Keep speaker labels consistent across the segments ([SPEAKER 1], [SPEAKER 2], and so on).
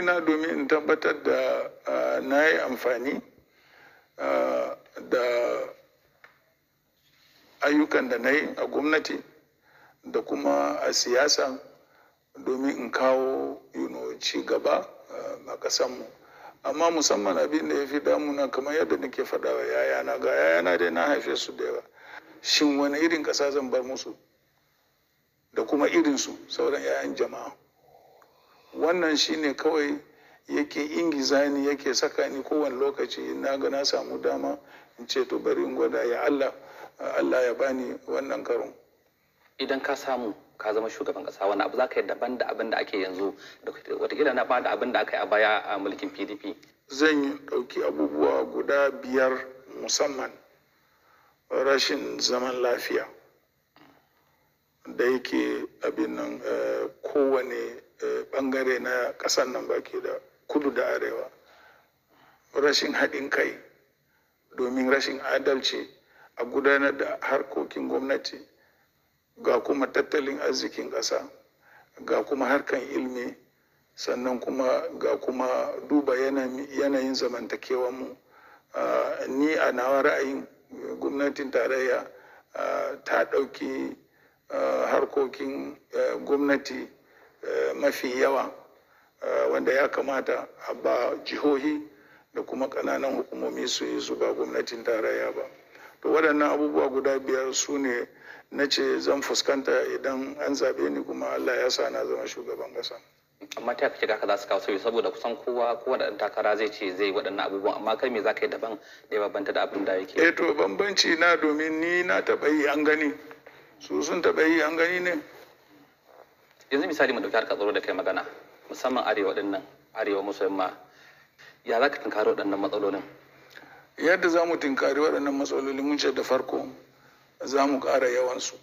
[SPEAKER 1] kaina domin in tabbatar da na yi amfani da ayyukan da na yi a gwamnati da kuma a siyasa domin in kawo ci gaba a ƙasanmu amma musamman abin da ya fi damuna kamar yadda nake faɗa wa yayana ga yayana dai na haife su da yawa shin wani irin ƙasa zan bar musu da kuma irinsu sauran 'ya'yan jama'a wannan shine kawai yake ingiza ni yake saka ni kowane lokaci na ga na samu dama in ce to bari in gwada ya Allah Allah ya bani wannan karo
[SPEAKER 2] idan ka samu ka zama shugaban kasa wani abu za ka yi daban da abin da ake yanzu watakila na
[SPEAKER 1] bada abin da aka yi a baya a mulkin pdp zan ɗauki abubuwa guda biyar musamman rashin zaman lafiya da yake abin nan eh, kowane bangare eh, na ƙasar nan baki da kudu da arewa rashin haɗin kai domin rashin adalci a gudanar da harkokin gwamnati ga kuma tattalin arzikin ƙasa ga kuma harkan ilmi sannan kuma ga kuma duba yanayin zamantakewa mu ni a nawa ra'ayin gwamnatin tarayya ta ɗauki harkokin eh, gwamnati Eh, mafi yawa eh, wanda ya kamata a ba jihohi da kuma kananan hukumomi su yi su ba gwamnatin tarayya ba to waɗannan abubuwa guda biyar su ne na ce zan fuskanta idan an zaɓe ni kuma allah ya sa na zama shugaban ƙasa.
[SPEAKER 2] amma ta kake kaka za su kawo sauyi saboda kusan kowa kowa da takara zai ce zai waɗannan abubuwan amma kai me za ka yi daban da ya bambanta
[SPEAKER 1] da abin da yake eh to bambanci na domin ni na taɓa yi an gani su sun taɓa yi an gani ne yanzu misali mu dauki harkar tsaro da kai magana musamman arewa din nan arewa maso yamma ya za ka tunkari waɗannan matsalolin yadda za mu tunkari waɗannan matsalolin mun ce da farko za mu ƙara yawansu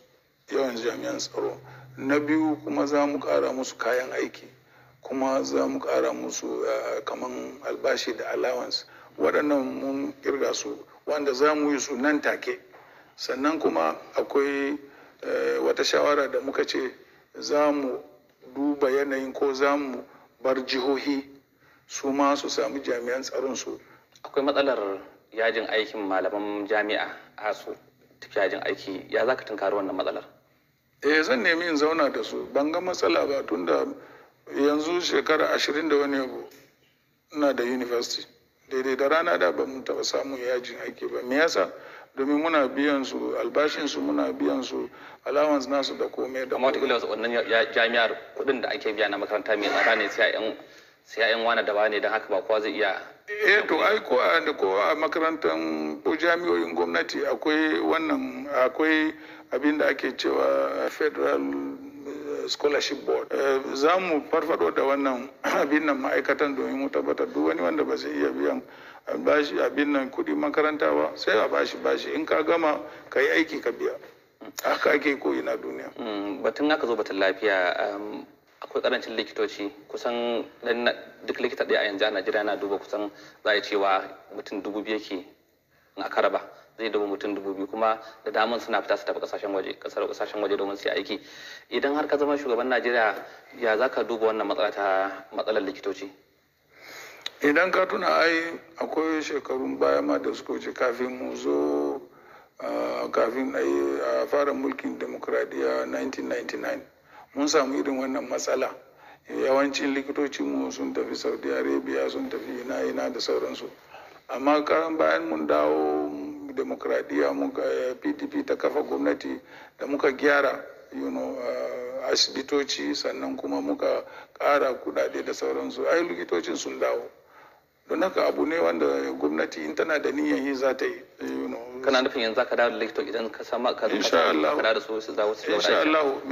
[SPEAKER 1] yawan jami'an tsaro na biyu kuma za mu ƙara musu kayan aiki kuma za mu ƙara musu eh, kaman albashi da allowance waɗannan mun kirga su wanda za mu yi su nan take sannan kuma akwai eh, wata shawara da muka ce za mu duba yanayin ko za mu bar jihohi su ma su sami jami'an tsaron su akwai matsalar
[SPEAKER 2] yajin aikin malaman jami'a a su tafi yajin aiki ya za ka tunkari wannan matsalar
[SPEAKER 1] eh zan nemi in zauna da su ban ga matsala ba tun da yanzu shekara ashirin da wani abu na da university daidai da rana da ba mu taɓa samun yajin aiki ba me yasa domin muna biyan su albashin su muna biyan su alawans nasu da komai da amma wata wasu wannan jami'ar kuɗin da ake biya na makaranta mai tsada ne sai yan
[SPEAKER 2] sai wani da ba ne don haka ba kowa zai iya
[SPEAKER 1] eh to ai ko a da ko a makarantar ko jami'o'in gwamnati akwai wannan akwai abin da ake cewa federal eh, scholarship board eh, za mu farfado da wannan abin nan ma'aikatan domin mu tabbatar duk wani wanda ba zai iya biyan bashi abin nan kuɗi makaranta ba sai a bashi bashi in ka gama ka yi aiki ka biya haka ake koyi na duniya
[SPEAKER 2] hmm, batun haka zo batun lafiya um, akwai karancin likitoci kusan duk likita ɗaya a yanzu a najeriya na duba kusan za a cewa mutum dubu biyu ke a karaba zai duba mutum dubu biyu kuma da daman suna fita su tafi kasashen waje kasar kasashen waje domin su aiki idan har ka zama shugaban najeriya ya za ka duba wannan matsala ta matsalar likitoci
[SPEAKER 1] idan ka tuna ai akwai shekarun baya ma da suka wuce kafin mu zo kafin a fara mulkin demokradiyya 1999 mun samu irin wannan matsala yawancin likitocinmu sun tafi saudi arabia sun tafi ina ina da sauransu amma karan bayan mun dawo demokradiyya muka pdp ta kafa gwamnati da muka gyara you know, asibitoci sannan kuma muka ƙara kudade da sauransu ai likitocin sun dawo don haka abu ne wanda gwamnati in tana da niyyar yi za ta yi kana nufin yanzu ka dawo da likita idan ka sama ka ka da su
[SPEAKER 2] su dawo su insha Allah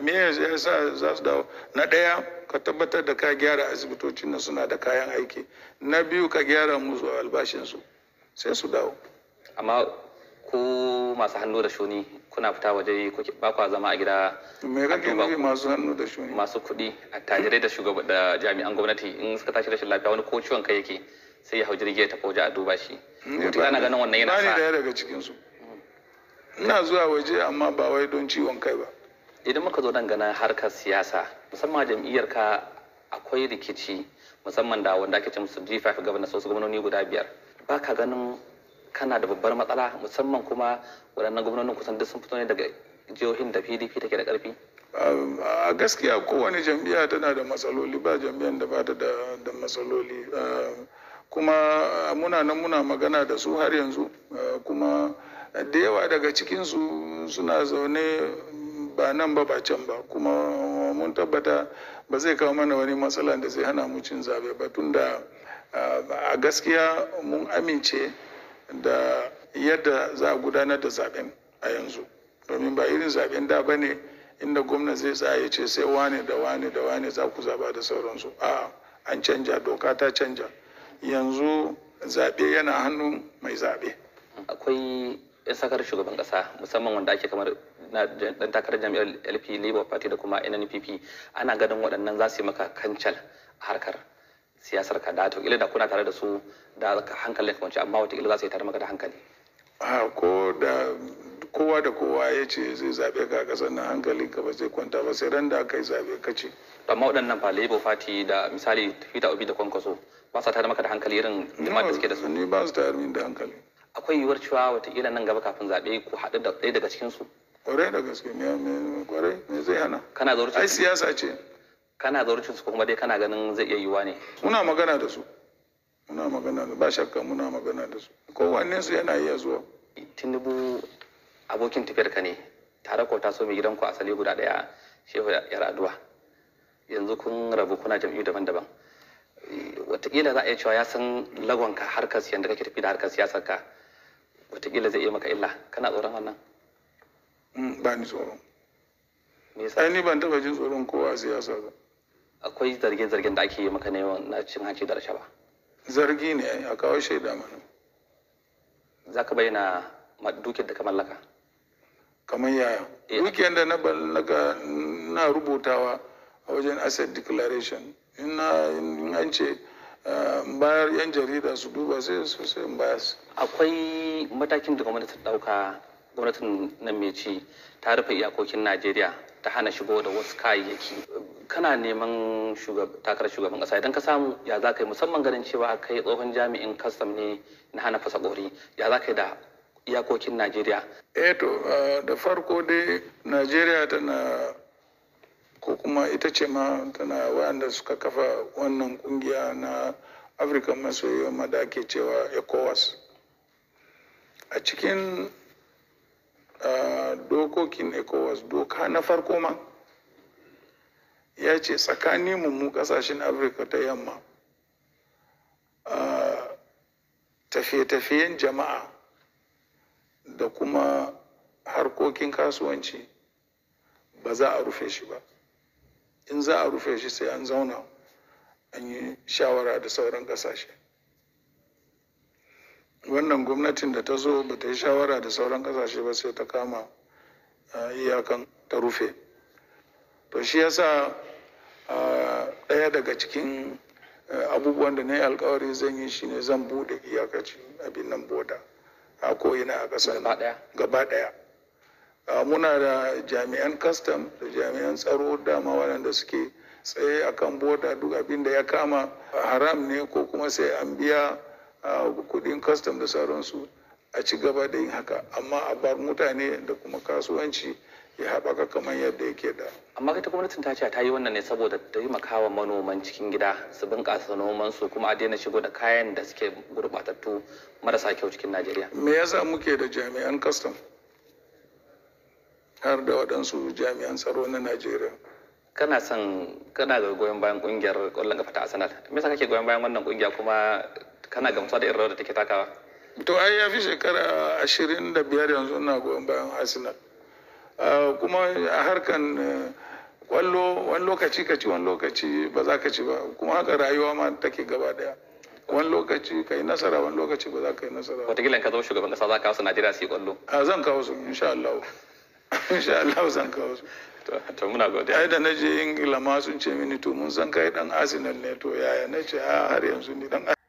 [SPEAKER 1] me ya sa za su dawo na daya ka tabbatar da ka gyara asibitocin nan suna da kayan aiki na biyu ka gyara musu albashin su sai su dawo amma
[SPEAKER 2] ku masu hannu da shuni kuna fita waje ba kwa zama a gida me kake nufi masu hannu da shuni masu kuɗi attajirai da shugaba da jami'an gwamnati in suka tashi rashin lafiya wani ko ciwon kai yake sai ya hau jirgi ya tafi waje a duba shi mutum ana ganin wannan yana sa
[SPEAKER 1] daga cikin su ina zuwa waje amma ba wai don ciwon kai ba
[SPEAKER 2] idan muka zo dangana harkar siyasa musamman jam'iyyar ka akwai rikici musamman da wanda ake ce musu G5 governors wasu gwamnoni guda biyar ba ka ganin kana da babbar matsala musamman kuma waɗannan gwamnonin kusan duk sun fito ne daga jihohin da pdp
[SPEAKER 1] take da ƙarfi a gaskiya kowane jam'iyya tana da matsaloli ba jam'iyyar da ba ta da matsaloli kuma muna nan muna magana da su har yanzu kuma da yawa daga cikinsu suna zaune ba nan ba ba can ba kuma mun tabbata ba zai kawo mana wani matsala da zai hana mu cin zabe ba tunda a gaskiya mun amince da yadda za a gudanar da zaben a yanzu domin ba irin zaben da ba ne inda gwamna zai tsaya ce sai wane da wane da wane za ku zaba da sauransu a an canja doka ta canja yanzu zaɓe yana hannu mai zaɓe akwai yan sakar shugaban ƙasa musamman wanda ake kamar na dan takarar
[SPEAKER 2] jam'iyyar lp labour party da kuma nnpp ana ganin waɗannan za su yi maka kancal harkar siyasar ka da wataƙila da kuna tare da su da hankalin ce, amma wataƙila za su yi tare maka da hankali.
[SPEAKER 1] a ko da kowa da kowa ya ce zai zaɓe ka ƙasar na hankali ka ba zai kwanta ba sai ran da aka yi zaɓe ka ce.
[SPEAKER 2] amma waɗannan fa labour party da misali fita obi da kwankwaso ba sa tare maka da hankali irin jama'a da suke da su. ni ba su tare min da hankali. akwai yiwuwar cewa wataƙila nan gaba kafin zaɓe ku haɗu da ɗaya daga cikinsu.
[SPEAKER 1] kwarai da gaske ne kwarai me zai hana.
[SPEAKER 2] kana zaurci ai siyasa ce. kana zaurucin su kuma dai kana ganin zai iya yiwa
[SPEAKER 1] ne muna magana da su muna magana da ba shakka muna magana da su kowanne su yana iya zuwa tinubu abokin tafiyar ka ne tare ko taso mai a
[SPEAKER 2] asali guda daya shehu yaraduwa yanzu kun rabu kuna jam'iyyu daban-daban wataƙila za a iya cewa ya san lagonka harkar yadda kake tafi da harkar siyasar ka wataƙila zai iya maka illa kana tsoron wannan
[SPEAKER 1] mm, ba ni tsoron ai ni ban taba jin tsoron kowa a siyasa ba akwai zarge-zargen da ake yi maka neman na cin hanci da rashawa zargi ne a kawo shaida mana za ka bayyana dukiyar da ka mallaka kamar yaya eh, dukiyar da na mallaka na rubutawa a wajen asset declaration ina an ce eh, bayar yan jarida su duba sai sosai bayas. bayar akwai matakin da gwamnati ta dauka
[SPEAKER 2] gwamnatin nan mai ci ta rufe iyakokin najeriya ta hana shigo da wasu kayayyaki kana neman takarar shugaban kasa idan ka samu ya za ka yi musamman ganin cewa kai tsohon jami'in kastam ne na hana fasa ƙori ya za ka yi da iyakokin najeriya
[SPEAKER 1] eh to da farko dai najeriya tana ko kuma ita ce ma tana wayanda suka kafa wannan kungiya na afirka maso yamma da ake cewa ecowas a cikin Ah, dokokin ecowas doka na farko ma ya ce tsakanin mu kasashen afirka ta yamma ah, tafiye-tafiyen jama'a da kuma harkokin kasuwanci ba za a rufe shi ba in za a rufe shi sai an zauna an yi shawara da sauran kasashe wannan gwamnatin da ta zo ba ta yi shawara da sauran kasashe ba sai ta kama iyakan ta rufe to shi yasa ɗaya daga cikin abubuwan da na yi alkawari zan yi shi ne zan buɗe iyakacin abin nan boda a ko'ina a ƙasar gaba ɗaya muna da jami'an kastam da jami'an tsaro dama waɗanda suke tsaye akan boda duk abin da ya kama haram ne ko kuma sai an biya kudin kastam da sauransu a ci gaba da yin haka amma a bar mutane da kuma kasuwanci ya haɓaka kamar yadda yake da. amma ita gwamnatin ta ce ta yi wannan ne saboda taimakawa manoman cikin gida su
[SPEAKER 2] bunƙasa noman su kuma a daina shigo da kayan da suke gurɓatattu marasa kyau cikin najeriya
[SPEAKER 1] me yasa muke da jami'an kastam har da waɗansu jami'an tsaro na najeriya kana son kana ga goyon bayan ƙungiyar ƙwallon kafa ta arsenal
[SPEAKER 2] me yasa kake goyon bayan wannan ƙungiya kuma kana gamsuwa da irin da take takawa
[SPEAKER 1] to ai ya fi shekara ashirin da biyar yanzu ina goyon bayan arsenal ah, kuma a harkan eh, kwallo wani lokaci ka ci wani lokaci ba za ka ci ba kuma haka rayuwa ma take gaba daya wani lokaci ka yi nasara wani lokaci ba za ka yi nasara
[SPEAKER 2] wataƙila ka zama shugaban kasa za ka wasu najeriya su yi kwallo a zan kawo su insha allah
[SPEAKER 1] insha allah zan kawo su to muna godiya ai da na je ingila ma sun ce mini to mun san kai dan arsenal ne to yaya na ce ah, har yanzu ni dan